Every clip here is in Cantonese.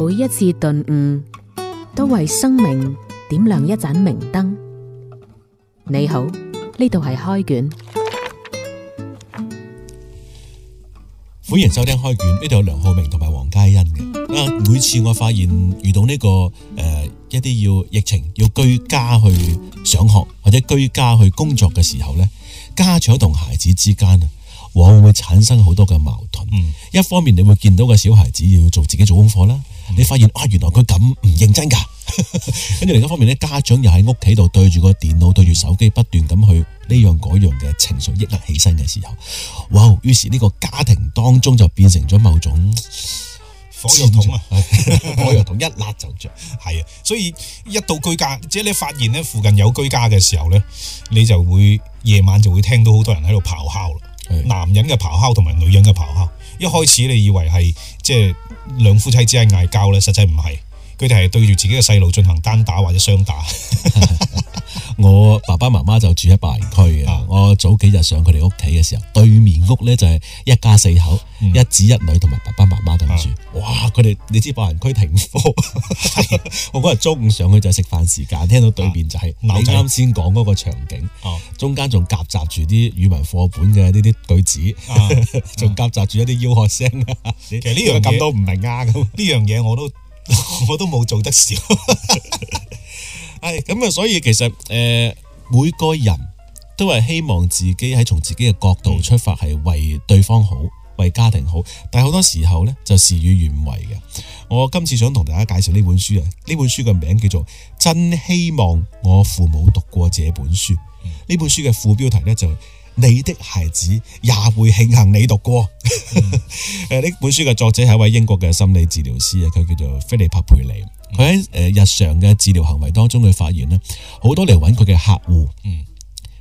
每一次頓悟都為生命點亮一盞明燈。你好，呢度係開卷，歡迎收聽開卷。呢度有梁浩明同埋黃嘉欣嘅。啊，每次我發現遇到呢、這個誒、呃、一啲要疫情要居家去上學或者居家去工作嘅時候呢，家長同孩子之間啊，往往會產生好多嘅矛盾。嗯、一方面你會見到個小孩子要做自己做功課啦。你發現哇、啊，原來佢咁唔認真㗎，跟住另一方面咧，家長又喺屋企度對住個電腦、對住手機，不斷咁去呢樣嗰樣嘅情緒抑壓起身嘅時候，哇！於是呢個家庭當中就變成咗某種火藥桶啊， 火藥桶一揦就着，係啊！所以一到居家，即係你發現咧附近有居家嘅時候咧，你就會夜晚就會聽到好多人喺度咆哮啦，的男人嘅咆哮同埋女人嘅咆哮。一開始你以為係即係兩夫妻只係嗌交咧，實際唔係。佢哋係對住自己嘅細路進行單打或者雙打。 我爸爸媽媽就住喺白雲區嘅。我早幾日上佢哋屋企嘅時候，對面屋咧就係一家四口，一子一女同埋爸爸媽媽對住。哇！佢哋你知白雲區停課， 我嗰日中午上去就係食飯時間，聽到對面就係啱先講嗰個場景。哦、啊，中間仲夾雜住啲語文課本嘅呢啲句子，仲夾雜住一啲吆喝聲啊。啊 聲其實呢樣咁都唔明啊。咁呢樣嘢我都。 我都冇做得少，係咁啊！所以其實誒、呃，每個人都係希望自己喺從自己嘅角度出發，係為對方好，為家庭好。但係好多時候呢，就事與願違嘅。我今次想同大家介紹呢本書啊，呢本書嘅名叫做《真希望我父母讀過這本書》，呢、嗯、本書嘅副標題呢，就是。你的孩子也會慶幸你讀過誒呢 本書嘅作者係一位英國嘅心理治療師啊，佢叫做菲利帕佩里。佢喺誒日常嘅治療行為當中，佢發現咧好多嚟搵佢嘅客戶，嗯，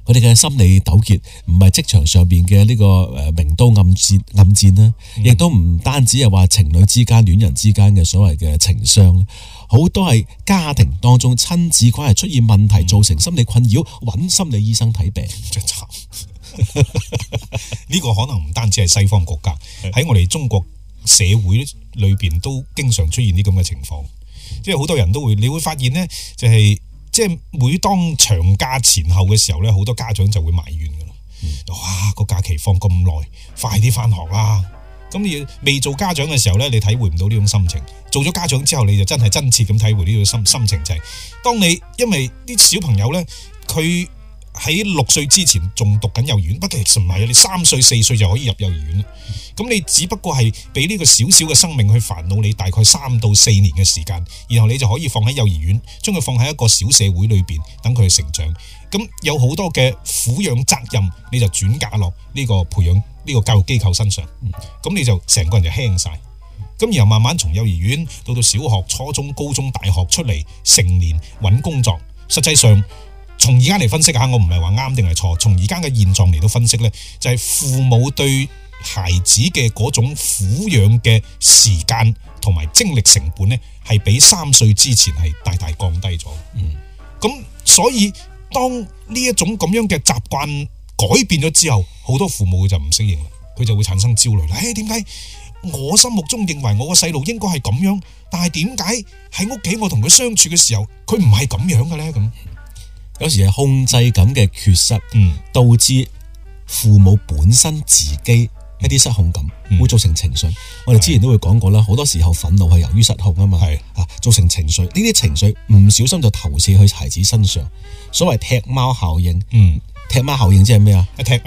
佢哋嘅心理糾結唔係職場上邊嘅呢個誒明刀暗箭，暗箭啦，亦都唔單止係話情侶之間、戀人之間嘅所謂嘅情傷，好多係家庭當中親子關係出現問題造成心理困擾，搵心理醫生睇病，呢 個可能唔單止係西方國家喺我哋中國社會裏邊都經常出現啲咁嘅情況，即係好多人都會你會發現呢，就係、是、即係每當長假前後嘅時候呢，好多家長就會埋怨㗎喇，哇個假期放咁耐，快啲返學啦！咁你未做家長嘅時候呢，你體會唔到呢種心情，做咗家長之後，你就真係真切咁體會呢種心心情，就是，就係當你因為啲小朋友呢，佢。喺六歲之前仲讀緊幼兒園，不其實唔係啊，你三歲四歲就可以入幼兒園啦。咁你只不過係俾呢個少少嘅生命去煩惱你大概三到四年嘅時間，然後你就可以放喺幼兒園，將佢放喺一個小社會裏邊，等佢成長。咁有好多嘅撫養責任，你就轉嫁落呢個培養呢個教育機構身上。咁你就成個人就輕晒，咁然後慢慢從幼兒園到到小學、初中、高中、大學出嚟，成年搵工作，實際上。從而家嚟分析吓，我唔係話啱定係錯。從而家嘅現狀嚟到分析呢，就係、是、父母對孩子嘅嗰種撫養嘅時間同埋精力成本呢，係比三歲之前係大大降低咗。嗯，咁所以當呢一種咁樣嘅習慣改變咗之後，好多父母就唔適應啦，佢就會產生焦慮啦。誒、哎，點解我心目中認為我個細路應該係咁樣，但係點解喺屋企我同佢相處嘅時候，佢唔係咁樣嘅呢？咁？有時係控制感嘅缺失，嗯、導致父母本身自己一啲失控感，嗯、會造成情緒。嗯、我哋之前都會講過啦，好、嗯、多時候憤怒係由於失控啊嘛，係啊、嗯，造成情緒。呢啲情緒唔小心就投射去孩子身上，所謂踢貓效應。嗯，踢貓效應即係咩啊？踢貓！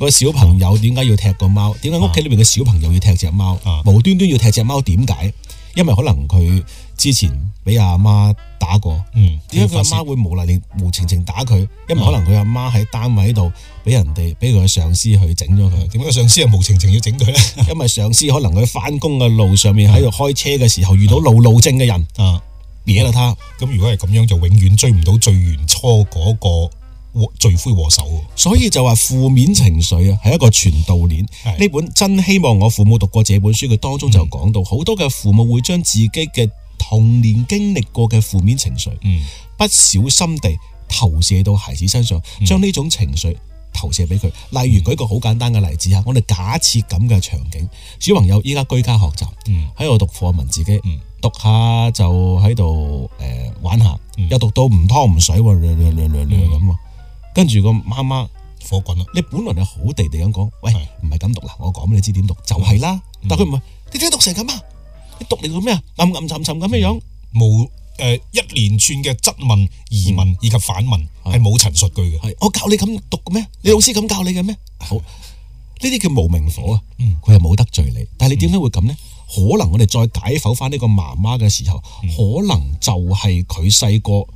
個小朋友點解要踢個貓？點解屋企裏面嘅小朋友要踢隻貓？無端端要踢隻貓，點解？因為可能佢之前俾阿媽打過，點解佢阿媽會無賴是無情情打佢？因為可能佢阿媽喺單位度俾人哋，俾佢嘅上司去整咗佢。點解上司係無情情要整佢咧？因為上司可能佢翻工嘅路上面喺度開車嘅時候遇到路怒症嘅人啊，惹到、嗯、他。咁、嗯、如果係咁樣，就永遠追唔到最原初嗰、那個。罪魁禍首，所以就話負面情緒啊，係一個傳導鏈。呢本真希望我父母讀過這本書，佢當中就講到好多嘅父母會將自己嘅童年經歷過嘅負面情緒，嗯，不小心地投射到孩子身上，將呢種情緒投射俾佢。例如舉個好簡單嘅例子啊，我哋假設咁嘅場景，小朋友依家居家學習，嗯，喺度讀課文，自己，嗯，讀下就喺度誒玩下，又讀到唔湯唔水，唥唥唥唥唥咁跟住個媽媽火滾啦！你本來就好地地咁講，喂，唔係咁讀啦，我講俾你知點讀就係啦。但佢唔係，你點解讀成咁啊？你讀嚟做咩啊？暗暗沉沉咁嘅樣，無誒一連串嘅質問、疑問以及反問，係冇陳述句嘅。我教你咁讀嘅咩？你老師咁教你嘅咩？好，呢啲叫無名火啊。佢又冇得罪你，但係你點解會咁呢？可能我哋再解剖翻呢個媽媽嘅時候，可能就係佢細個，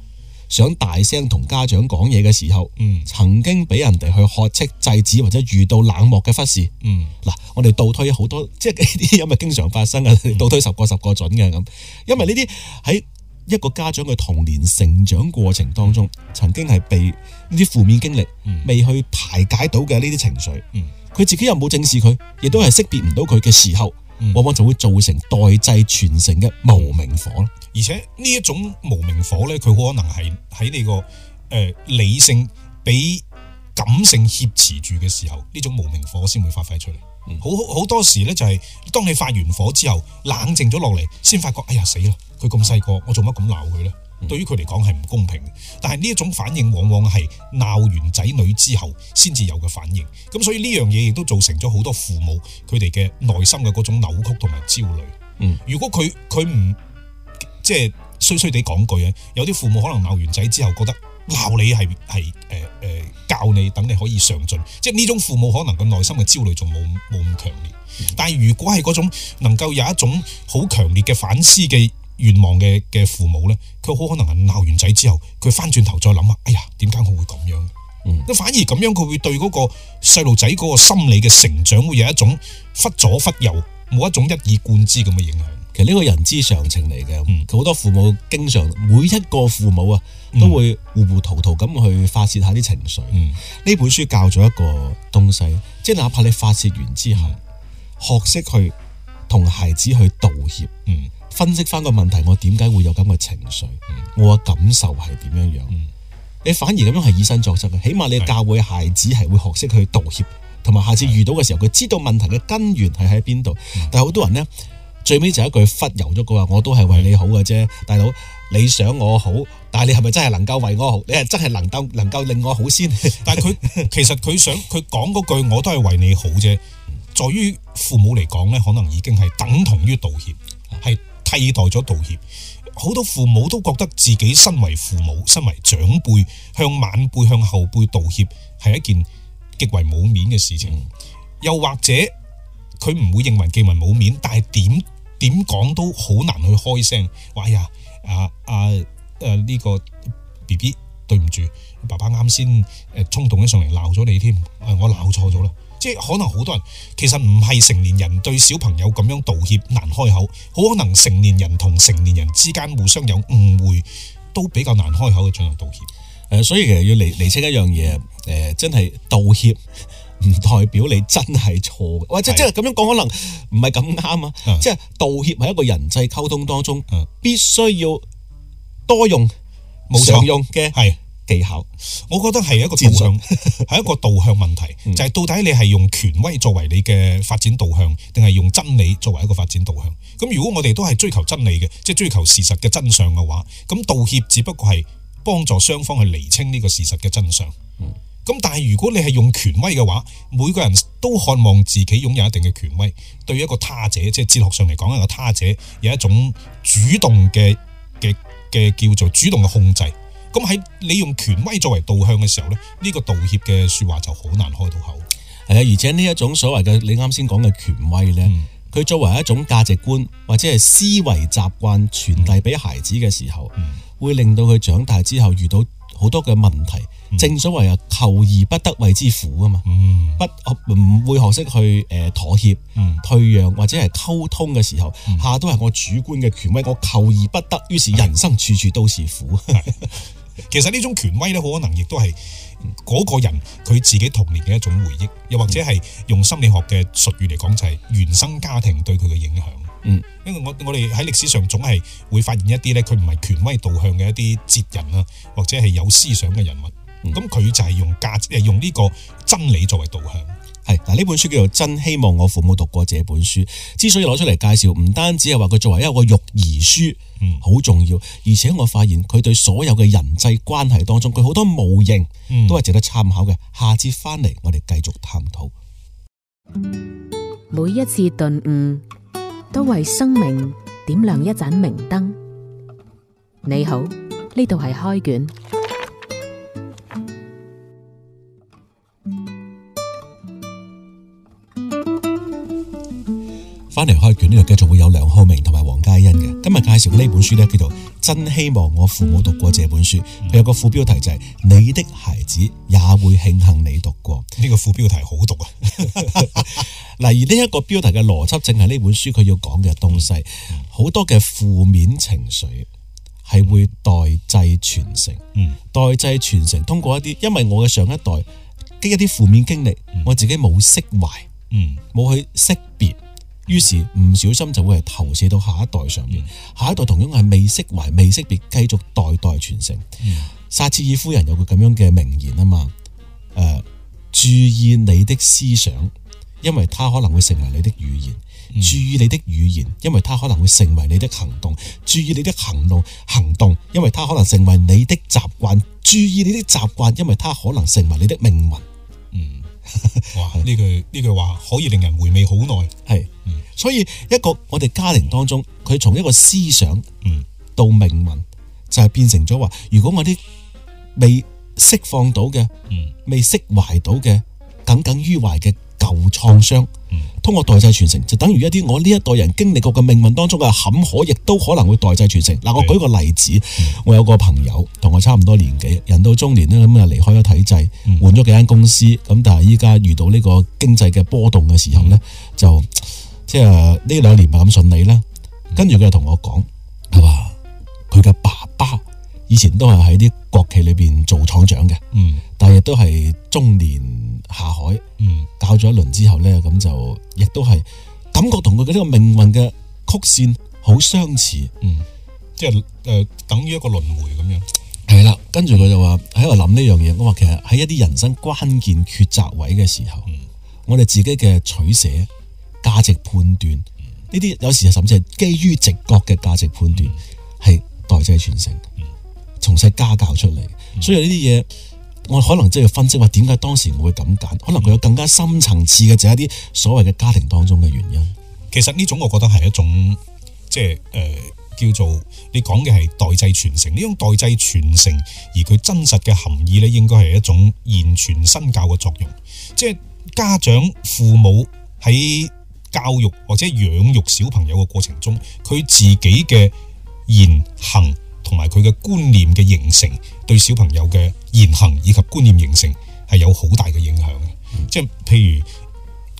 想大聲同家長講嘢嘅時候，嗯、曾經俾人哋去喝斥制止，或者遇到冷漠嘅忽視。嗱、嗯，我哋倒推好多，即係呢啲嘢咪經常發生嘅，嗯、倒推十個十個準嘅咁。因為呢啲喺一個家長嘅童年成長過程當中，曾經係被呢啲負面經歷未去排解到嘅呢啲情緒，佢、嗯、自己又冇正視佢，亦都係識別唔到佢嘅時候。往往、嗯、就會造成代際傳承嘅無名火，而且呢一種無名火呢，佢可能係喺你個誒、呃、理性俾感性挾持住嘅時候，呢種無名火先會發揮出嚟。嗯、好好多時呢，就係、是、當你發完火之後，冷靜咗落嚟，先發覺，「哎呀死啦！佢咁細個，我做乜咁鬧佢呢？」對於佢嚟講係唔公平，但係呢一種反應往往係鬧完仔女之後先至有嘅反應，咁所以呢樣嘢亦都造成咗好多父母佢哋嘅內心嘅嗰種扭曲同埋焦慮。嗯，如果佢佢唔即係衰衰地講句啊，有啲父母可能鬧完仔之後覺得鬧你係係誒誒教你等你可以上進，即係呢種父母可能個內心嘅焦慮仲冇冇咁強烈。嗯，但係如果係嗰種能夠有一種好強烈嘅反思嘅願望嘅嘅父母呢，佢好可能鬧完仔之後，佢翻轉頭再諗啊，哎呀，點解我會咁樣？嗯、反而咁樣佢會對嗰個細路仔嗰個心理嘅成長會有一種忽左忽右，冇一種一以貫之咁嘅影響。其實呢個人之常情嚟嘅，佢好、嗯、多父母經常每一個父母啊，都會糊糊塗塗咁去發洩下啲情緒。呢、嗯、本書教咗一個東西，即係哪怕你發洩完之後，嗯、學識去同孩子去道歉。嗯。分析翻個問題，我點解會有咁嘅情緒？我嘅感受係點樣樣？嗯、你反而咁樣係以身作則嘅，起碼你教會孩子係會學識去道歉，同埋下次遇到嘅時候，佢、嗯、知道問題嘅根源係喺邊度。嗯、但係好多人呢，最尾就一句忽悠咗佢話，我都係為你好嘅啫，嗯、大佬你想我好，但係你係咪真係能夠為我好？你係真係能夠能夠令我好先？但係他佢 其實佢想佢講嗰句我都係為你好啫，在於父母嚟講呢，可能已經係等同於道歉係。替代咗道歉，好多父母都覺得自己身為父母、身為長輩，向晚輩、向後輩道歉係一件極為冇面嘅事情。又或者佢唔會認為既為冇面，但係點點講都好難去開聲，話哎呀啊啊誒呢、啊這個 B B 對唔住，爸爸啱先誒衝動咗上嚟鬧咗你添、呃，我鬧錯咗啦。即可能好多人其實唔係成年人對小朋友咁樣道歉難開口，好可能成年人同成年人之間互相有誤會，都比較難開口去進行道歉。誒、呃，所以其實要嚟嚟清一樣嘢，誒、呃，真係道歉唔代表你真係錯，或者即係咁樣講，可能唔係咁啱啊。是即係道歉係一個人際溝通當中，是必須要多用冇錯常用嘅係。技巧，我覺得係一個導向，係戰術 一個導向問題，就係、是、到底你係用權威作為你嘅發展導向，定係用真理作為一個發展導向？咁如果我哋都係追求真理嘅，即、就、係、是、追求事實嘅真相嘅話，咁道歉只不過係幫助雙方去釐清呢個事實嘅真相。咁 但係如果你係用權威嘅話，每個人都渴望自己擁有一定嘅權威，對一個他者，即、就、係、是、哲學上嚟講，一個他者，有一種主動嘅嘅嘅叫做主動嘅控制。咁喺你用權威作為導向嘅時候咧，呢、呢個道歉嘅說話就好難開到口。係啊，而且呢一種所謂嘅你啱先講嘅權威呢佢、嗯、作為一種價值觀或者係思維習慣傳遞俾孩子嘅時候，嗯、會令到佢長大之後遇到好多嘅問題。嗯、正所謂啊，求而不得為之苦啊嘛。嗯、不，唔會學識去誒妥協、嗯、退讓或者係溝通嘅時候，嗯、下都係我主觀嘅權威。我求而不得，於是人生處處都是苦。是的 其實呢種權威咧，好可能亦都係嗰個人佢自己童年嘅一種回憶，又或者係用心理學嘅術語嚟講，就係原生家庭對佢嘅影響。嗯，因為我我哋喺歷史上總係會發現一啲咧，佢唔係權威導向嘅一啲哲人啦，或者係有思想嘅人物，咁佢、嗯、就係用價值，就係、用呢個真理作為導向。係嗱，呢本書叫做《真希望我父母讀過這本書》。之所以攞出嚟介紹，唔單止係話佢作為一個育兒書，好、嗯、重要。而且我發現佢對所有嘅人際關係當中，佢好多模型都係值得參考嘅。嗯、下次翻嚟，我哋繼續探討。每一次頓悟，都為生命點亮一盞明燈。你好，呢度係開卷。翻嚟開卷呢度，繼、這個、續會有梁浩明同埋黃嘉欣嘅。今日介紹呢本書呢，叫做《真希望我父母讀過這本書》嗯。佢有個副標題就係、是、你的孩子也會慶幸你讀過。呢個副標題好讀啊！嗱， 而呢一個標題嘅邏輯，正係呢本書佢要講嘅東西好、嗯、多嘅負面情緒係會代際傳承。嗯，代際傳承通過一啲，因為我嘅上一代嘅一啲負面經歷，嗯、我自己冇釋懷，嗯，冇去識別。於是唔小心就會係投射到下一代上面，嗯、下一代同樣係未釋懷、未識別，繼續代代傳承。撒切、嗯、爾夫人有個咁樣嘅名言啊嘛，誒、呃，注意你的思想，因為它可能會成為你的語言；嗯、注意你的語言，因為它可能會成為你的行動；注意你的行動行動，因為它可能成為你的習慣；注意你的習慣，因為它可能成為你的命運。嗯。 哇！呢句呢句話可以令人回味好耐。係是，嗯、所以一個我哋家庭當中，佢從一個思想嗯，到命運，嗯、就係變成咗話，如果我啲未釋放到嘅，嗯，未釋懷到嘅，耿耿於懷嘅。舊創傷通過代際傳承，就等於一啲我呢一代人經歷過嘅命運當中嘅坎坷，亦都可能會代際傳承。嗱、呃，我舉個例子，我有個朋友同我差唔多年紀，人到中年呢，咁啊離開咗體制，換咗幾間公司，咁但係依家遇到呢個經濟嘅波動嘅時候、嗯呃、呢，就即係呢兩年唔係咁順利啦。跟住佢就同我講，係話佢嘅爸爸。以前都係喺啲國企裏邊做廠長嘅，嗯、但係亦都係中年下海，搞咗、嗯、一輪之後咧，咁就亦都係感覺同佢嘅呢個命運嘅曲線好相似，嗯、即係誒、呃、等於一個輪回咁樣。係啦，跟住佢就話喺度諗呢樣嘢。我話其實喺一啲人生關鍵抉擇位嘅時候，嗯、我哋自己嘅取捨、價值判斷呢啲，有時甚至係基於直覺嘅價值判斷，係、嗯、代際傳承。從細家教出嚟，嗯、所以呢啲嘢，我可能真係要分析，話點解當時我會咁揀？可能佢有更加深層次嘅，就係、是、一啲所謂嘅家庭當中嘅原因。其實呢種，我覺得係一種即係誒、呃、叫做你講嘅係代際傳承呢種代際傳承，而佢真實嘅含義咧，應該係一種言傳身教嘅作用，即係家長父母喺教育或者養育小朋友嘅過程中，佢自己嘅言行。同埋佢嘅觀念嘅形成，對小朋友嘅言行以及觀念形成係有好大嘅影響嘅。即係譬如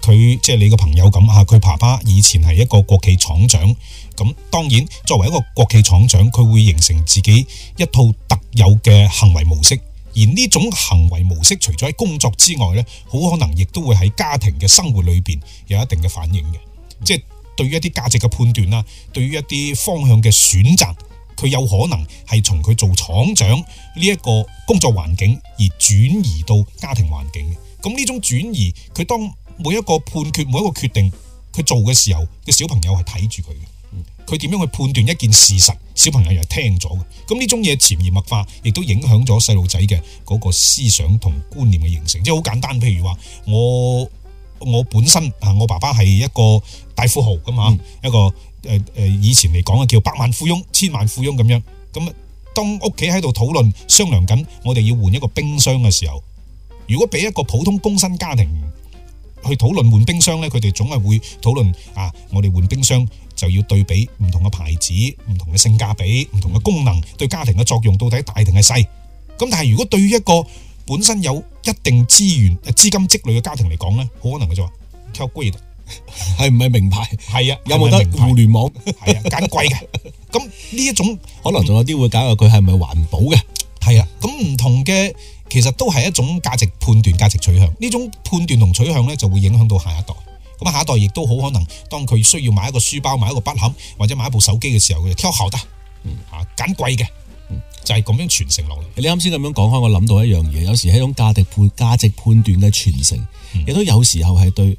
佢即係你個朋友咁啊，佢爸爸以前係一個國企廠長咁，當然作為一個國企廠長，佢會形成自己一套特有嘅行為模式。而呢種行為模式，除咗喺工作之外呢，好可能亦都會喺家庭嘅生活裏邊有一定嘅反應嘅。嗯、即係對於一啲價值嘅判斷啦，對於一啲方向嘅選擇。佢有可能係從佢做廠長呢一個工作環境而轉移到家庭環境嘅。咁呢種轉移，佢當每一個判決、每一個決定佢做嘅時候，個小朋友係睇住佢嘅。佢點樣去判斷一件事實，小朋友又係聽咗嘅。咁呢種嘢潛移默化，亦都影響咗細路仔嘅嗰個思想同觀念嘅形成。即係好簡單，譬如話我我本身啊，我爸爸係一個大富豪㗎嘛，嗯、一個。誒誒，以前嚟講啊，叫百萬富翁、千萬富翁咁樣。咁啊，當屋企喺度討論商量緊，我哋要換一個冰箱嘅時候，如果俾一個普通工薪家庭去討論換冰箱咧，佢哋總係會討論啊，我哋換冰箱就要對比唔同嘅牌子、唔同嘅性價比、唔同嘅功能對家庭嘅作用到底大定係細。咁但係如果對於一個本身有一定資源、誒資金積累嘅家庭嚟講咧，好可能佢就話，upgrade。係唔係名牌？係啊，有冇得互聯網，係啊，揀貴嘅，咁呢一種可能仲有啲會揀佢係咪環保嘅，係啊。咁唔同嘅其實都係一種價值判斷、價值取向，呢種判斷同取向咧，就會影響到下一代，咁下一代亦都好可能當佢需要買一個書包、買一個筆盒或者買一部手機嘅時候，佢就挑好得啊，揀貴嘅就係咁樣傳承落嚟。你啱先咁樣講開，我諗到一樣嘢，有時係一種價值判價值判斷嘅傳承，亦都有時候係對。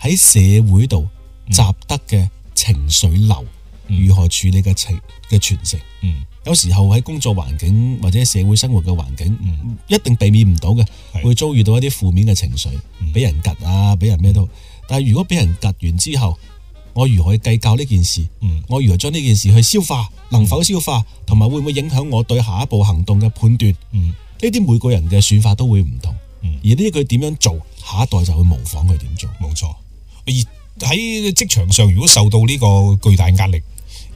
喺社會度習得嘅情緒流，如何處理嘅情嘅傳承？嗯，有時候喺工作環境或者社會生活嘅環境，嗯，一定避免唔到嘅，會遭遇到一啲負面嘅情緒，俾人吉啊，俾人咩都。但係如果俾人吉完之後，我如何去計較呢件事？嗯，我如何將呢件事去消化，能否消化，同埋會唔會影響我對下一步行動嘅判斷？嗯，呢啲每個人嘅算法都會唔同。而呢句點樣做，下一代就會模仿佢點做。冇錯。而喺職場上，如果受到呢個巨大壓力，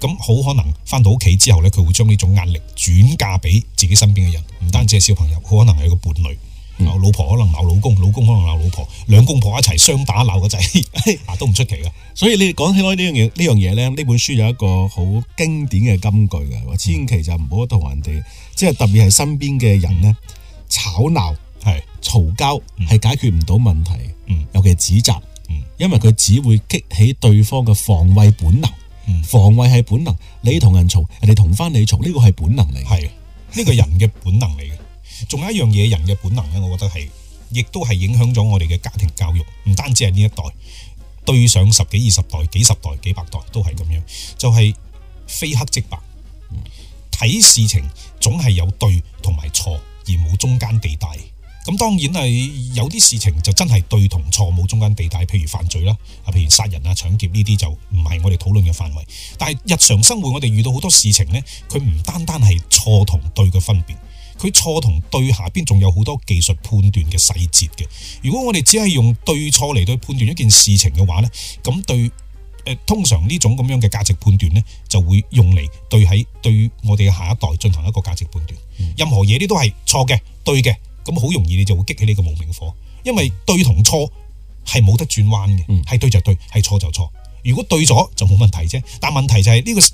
咁好可能翻到屋企之後咧，佢會將呢種壓力轉嫁俾自己身邊嘅人。唔單止係小朋友，好可能係個伴侶、嗯、老婆，可能鬧老公，老公可能鬧老婆，兩公婆一齊相打鬧個仔，嗱 都唔出奇噶。 所以你哋講起呢呢樣嘢，呢樣嘢咧，呢本書有一個好經典嘅金句嘅，話千祈就唔好同人哋，嗯、即係特別係身邊嘅人咧、嗯、吵鬧係嘈交係解決唔到問題，嗯、尤其係指責。因為佢只會激起對方嘅防衛本能，嗯、防衛係本能，你同人嘈、這個， 人哋同翻你嘈，呢個係本能嚟，係呢個人嘅本能嚟嘅。仲有一樣嘢，人嘅本能呢，我覺得係，亦都係影響咗我哋嘅家庭教育，唔單止係呢一代，對上十幾、二十代、幾十代、幾百代都係咁樣，就係、是、非黑即白，睇、嗯、事情總係有對同埋錯，而冇中間地帶。咁當然係有啲事情就真係對同錯冇中間地帶，譬如犯罪啦，啊，譬如殺人啊、搶劫呢啲就唔係我哋討論嘅範圍。但係日常生活我哋遇到好多事情呢，佢唔單單係錯同對嘅分別，佢錯同對下邊仲有好多技術判斷嘅細節嘅。如果我哋只係用對錯嚟對判斷一件事情嘅話呢，咁對、呃、通常呢種咁樣嘅價值判斷呢，就會用嚟對喺對我哋嘅下一代進行一個價值判斷。嗯、任何嘢呢都係錯嘅，對嘅。咁好容易你就會激起你個無名火，因為對同錯係冇得轉彎嘅，係、嗯、對就對，係錯就錯。如果對咗就冇問題啫，但問題就係呢個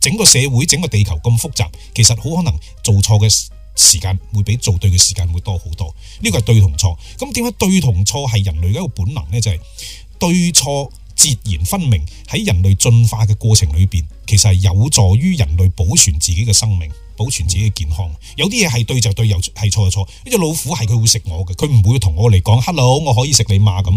整個社會、整個地球咁複雜，其實好可能做錯嘅時間會比做對嘅時間會多好多。呢、這個係對同錯，咁點解對同錯係人類一個本能呢？就係、是、對錯。截然分明，喺人類進化嘅過程裏邊，其實係有助於人類保存自己嘅生命，保存自己嘅健康。嗯、有啲嘢係對就對，有係錯就錯。呢隻、嗯、老虎係佢會食我嘅，佢唔會同我嚟講 hello，我可以食你嘛咁。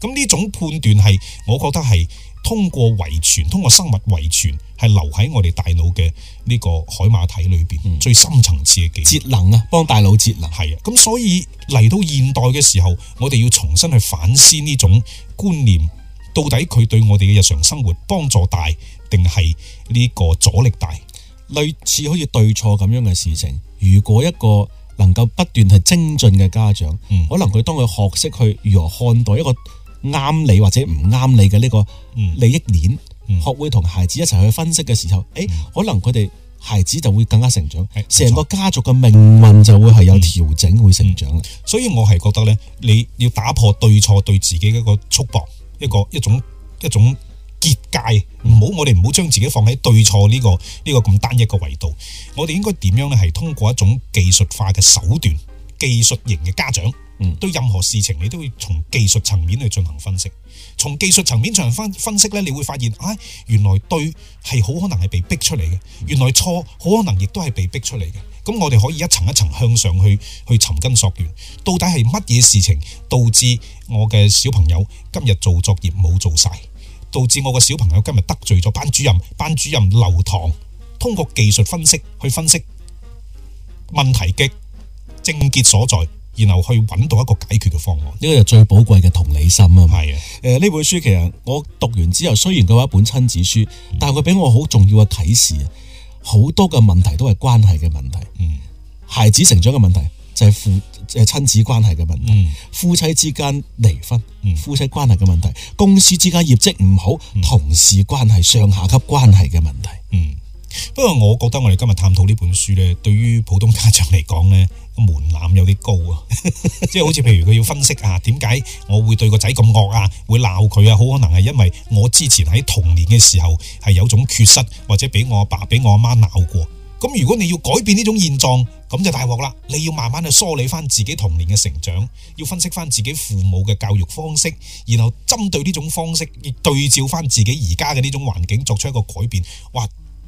咁呢種判斷係，我覺得係通過遺傳，通過生物遺傳係留喺我哋大腦嘅呢個海馬體裏邊、嗯、最深層次嘅技能、節能啊，幫大腦節能係啊。咁所以嚟到現代嘅時候，我哋要重新去反思呢種觀念。到底佢對我哋嘅日常生活幫助大，定係呢個阻力大？類似好似對錯咁樣嘅事情，如果一個能夠不斷去精進嘅家長，嗯、可能佢當佢學識去如何看待一個啱你或者唔啱你嘅呢個利益鏈，嗯嗯嗯、學會同孩子一齊去分析嘅時候，誒，可能佢哋孩子就會更加成長，成、嗯、個家族嘅命運就會係有調整，嗯、會成長。嗯嗯嗯、所以我係覺得咧，你要打破對錯對自己一個束縛。一個一種，一種結界，唔好，我哋唔好將自己放喺對錯呢個呢個咁單一嘅維度，我哋應該點樣咧？係通過一種技術化嘅手段。技術型嘅家長，對任何事情你都會從技術層面去進行分析。從技術層面進行分分析咧，你會發現，唉、啊，原來對係好可能係被逼出嚟嘅，原來錯好可能亦都係被逼出嚟嘅。咁我哋可以一層一層向上去去尋根溯源，到底係乜嘢事情導致我嘅小朋友今日做作業冇做晒，導致我嘅小朋友今日得罪咗班主任，班主任留堂。通過技術分析去分析問題嘅癥結所在，然後去揾到一個解決嘅方案。呢個就最寶貴嘅同理心啊。係誒，呢本書其實我讀完之後，雖然佢係一本親子書，但係佢俾我好重要嘅啟示。好多嘅問題都係關係嘅問題，嗯，孩子成長嘅問題就係父親子關係嘅問題，夫妻之間離婚，夫妻關係嘅問題，公司之間業績唔好，同事關係、上下級關係嘅問題。嗯，不過我覺得我哋今日探討呢本書咧，對於普通家長嚟講咧。門檻有啲高啊，即係好似譬如佢要分析啊，點解 我會對個仔咁惡啊， 會鬧佢啊？好可能係因為我之前喺童年嘅時候係有種缺失，或者俾我阿爸俾我阿媽鬧過。咁如果你要改變呢種現狀，咁就大鑊啦。你要慢慢去梳理翻自己童年嘅成長，要分析翻自己父母嘅教育方式，然後針對呢種方式而對照翻自己而家嘅呢種環境作出一個改變。哇！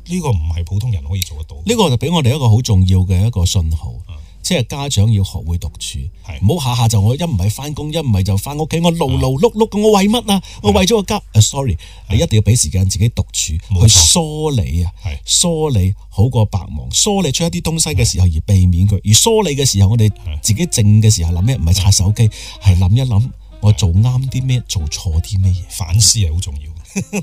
呢個唔係普通人可以做得到。呢個就俾我哋一個好重要嘅一個信號。即係家長要學會獨處，唔好的下下就我一唔係翻工，的一唔係就翻屋企，我勞勞碌碌咁，我為乜啊？的我為咗個家，sorry，的你一定要俾時間自己獨處，的去梳理啊，的梳理好過白忙，梳理出一啲東西嘅時候而避免佢，而梳理嘅時候我哋自己靜嘅時候諗咩？唔係刷手機，係諗的的一諗我做啱啲咩，做錯啲咩嘢，反思係好重要。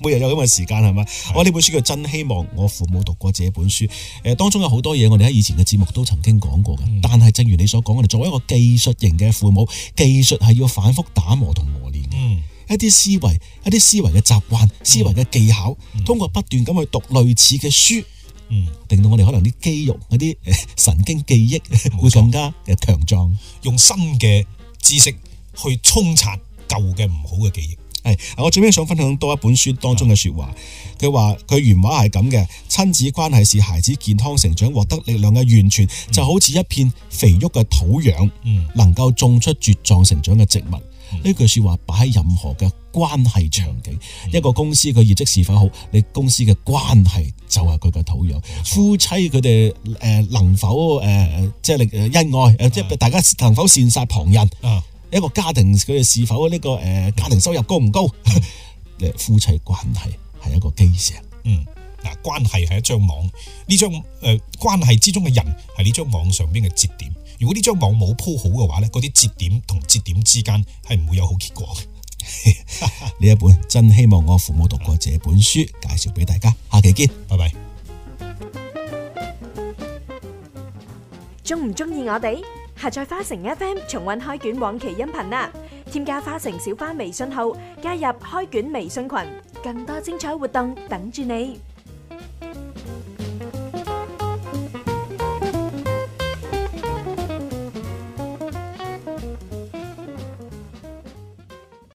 每日有咁嘅時間係嘛？的我呢本書叫真希望我父母讀過這本書。誒，當中有好多嘢，我哋喺以前嘅節目都曾經講過嘅。嗯、但係正如你所講，我哋作為一個技術型嘅父母，技術係要反復打磨同磨練嘅、嗯。一啲思維、一啲、嗯、思維嘅習慣、思維嘅技巧，嗯、通過不斷咁去讀類似嘅書，嗯，令到我哋可能啲肌肉、啲神經記憶會更加嘅強壯。錯用新嘅知識去沖刷舊嘅唔好嘅記憶。係我最尾想分享多一本書當中嘅說話。佢話，佢原話係咁嘅：親子關係是孩子健康成長、獲得力量嘅源泉，嗯、就好似一片肥沃嘅土壤，嗯、能夠種出茁壯成長嘅植物。呢、嗯、句說話擺喺任何嘅關係場景，嗯、一個公司嘅業績是否好，你公司嘅關係就係佢嘅土壤。嗯、夫妻佢哋誒能否誒即係你恩愛，即係、嗯、大家能否羨煞旁人啊？嗯一個家庭佢哋是否呢、這個誒、呃、家庭收入高唔高？ 夫妻關係係一個基石。嗯，嗱關係係一張網，呢張誒關係之中嘅人係呢張網上邊嘅節點。如果呢張網冇鋪好嘅話咧，嗰啲節點同節點之間係唔會有好結果嘅。呢 一本真希望我父母讀過這本書，介紹俾大家。下期見，拜拜。鍾唔鍾意我哋？下載花城 FM 重溫開卷往期音頻啦！添加花城小花微信號，加入開卷微信群，更多精彩活動等住你。